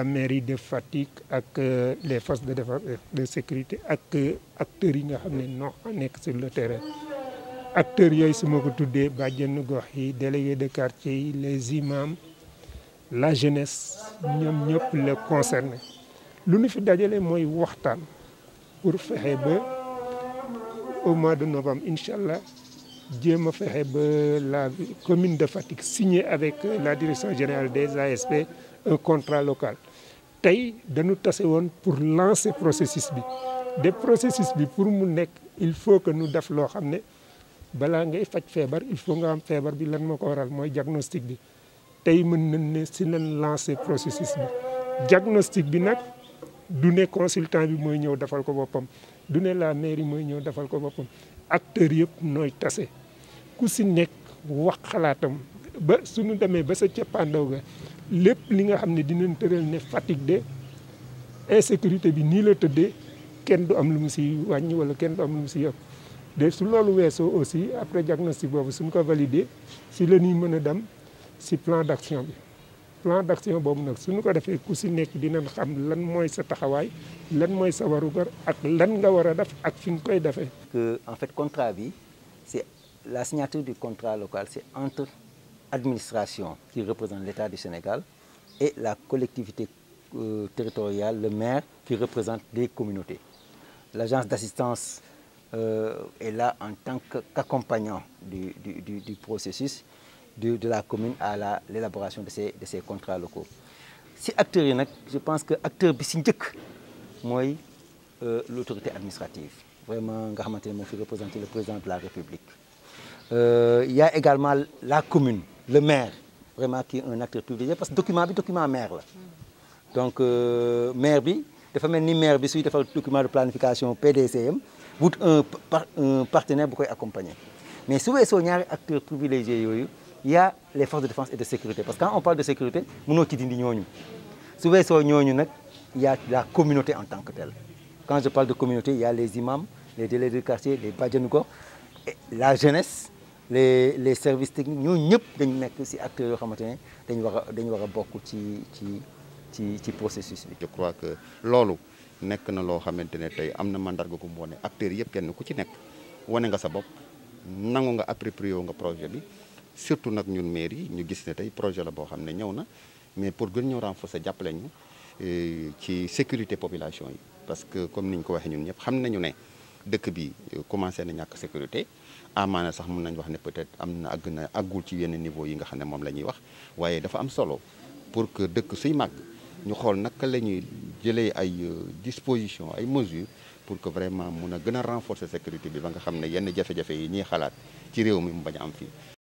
la mairie de Fatick ak euh, les forces de défense de sécurité ak euh, acteurs yi nga xam ne noo nekk si le terrain acteurs yooyu suma ko tuddee ba bàjjenu gox yi délégué de quartier yi les imams la jeunesse ñoom ñëpp la concerné lu nu fi dajalee mooy waxtaan pour fexe ba au mois de novembre incha allah jéem a fexe ba la commune de Fatick signé avec la direction générale des ASP un contrat local tey dañu tase woon pour lancer processus bi de processus bi pour mu nekk il faut que ñu def loo xam ne balaa ngay faj feebar il faut nga am feebar bi lan ma ko waral mooy diagnostic bi tey mën nañ ne si lañ lancer processus bi diagnostic bi nag du ne consultant bi mooy ñëw defal ko boppam du ne la mairie mooy ñëw defal ko boppam acteur yëpp nooy tase ku si nekk wax xalaatam ba su suñu demee ba sa cappaandaw ga lépp li nga xam ne dinañ tëral ne Fatick de insécurité bi nii la tëddee kenn du am lu mu si wàññi wala kenn du am lu si yokk de su loolu weesoo aussi après na si boobu suñ ko validé si la ñuy mën a dem si plan d' action bi plan d' action boobu nag suñu ko defee ku si nekk dinañ xam lan mooy sa taxawaay lan mooy sa warugar ak lan nga war a def ak fi nga koy defee. que en fait contrat bi c'est la signature du contrat local c'est entre. administration qui représente l'État du Sénégal et la collectivité euh, territoriale, le maire, qui représente les communautés. L'agence d'assistance euh, est là en tant qu'accompagnant du, du, du, du, processus de, de, la commune à l'élaboration de ces, de ces contrats locaux. Si acteurs yi nag je pense que acteur bi si njëkk mooy euh, l'autorité administrative vraiment nga xamante ne moo fi représenté le président de la République. Euh, il y a également la commune le maire vraiment qui est un acteur privilégié parce que document bi document maire la donc euh, maire bi dafa mel ni maire bi suy defar document de planification PDCM wut un un partenaire bu koy accompagner mais su weesoo ñaari acteurs privilégiés yooyu y a les forces de défense et de sécurité parce que quand on parle de sécurité mënoo ci dindi ñooñu su weesoo ñooñu nag y a la communauté en tant que telle quand je parle de communauté il y les imams les délégués de quartier les bajenu gox la jeunesse les les services techniques ñooñu ñëpp dañu nekk si acteurs yoo xamante ne dañu war a dañu war a bokk ci ci ci ci processus bi. je crois que loolu nekk na loo xamante ne tey am na mandarga gu mu acteurs yëpp kenn ku ci nekk wane nga sa bopp nangu nga approprié nga projet bi surtout nag ñun mairie ñu gis ne tey projet la boo xam ne ñëw na mais pour gën ñoo sa jàppale ñu eh, ci sécurité population yi parce que comme ni ñu ko waxee ñun ñëpp xam nañu ne dëkk bi eh, commencé na ñàkk sécurité. amaana sax mun nañ wax ne peut-être am na àgg na àggul ci yenn niveau yi nga xam ne moom la ñuy wax waaye dafa am solo pour que dëkk suy màgg ñu xool naka la ñuy jëlee ay euh, dispositions ay mesures pour que vraiment mun a gën a renforcer sécurité bi ba nga xam ne yenn jafe-jafe yi ñuy xalaat ci réew mi mu bañ am fii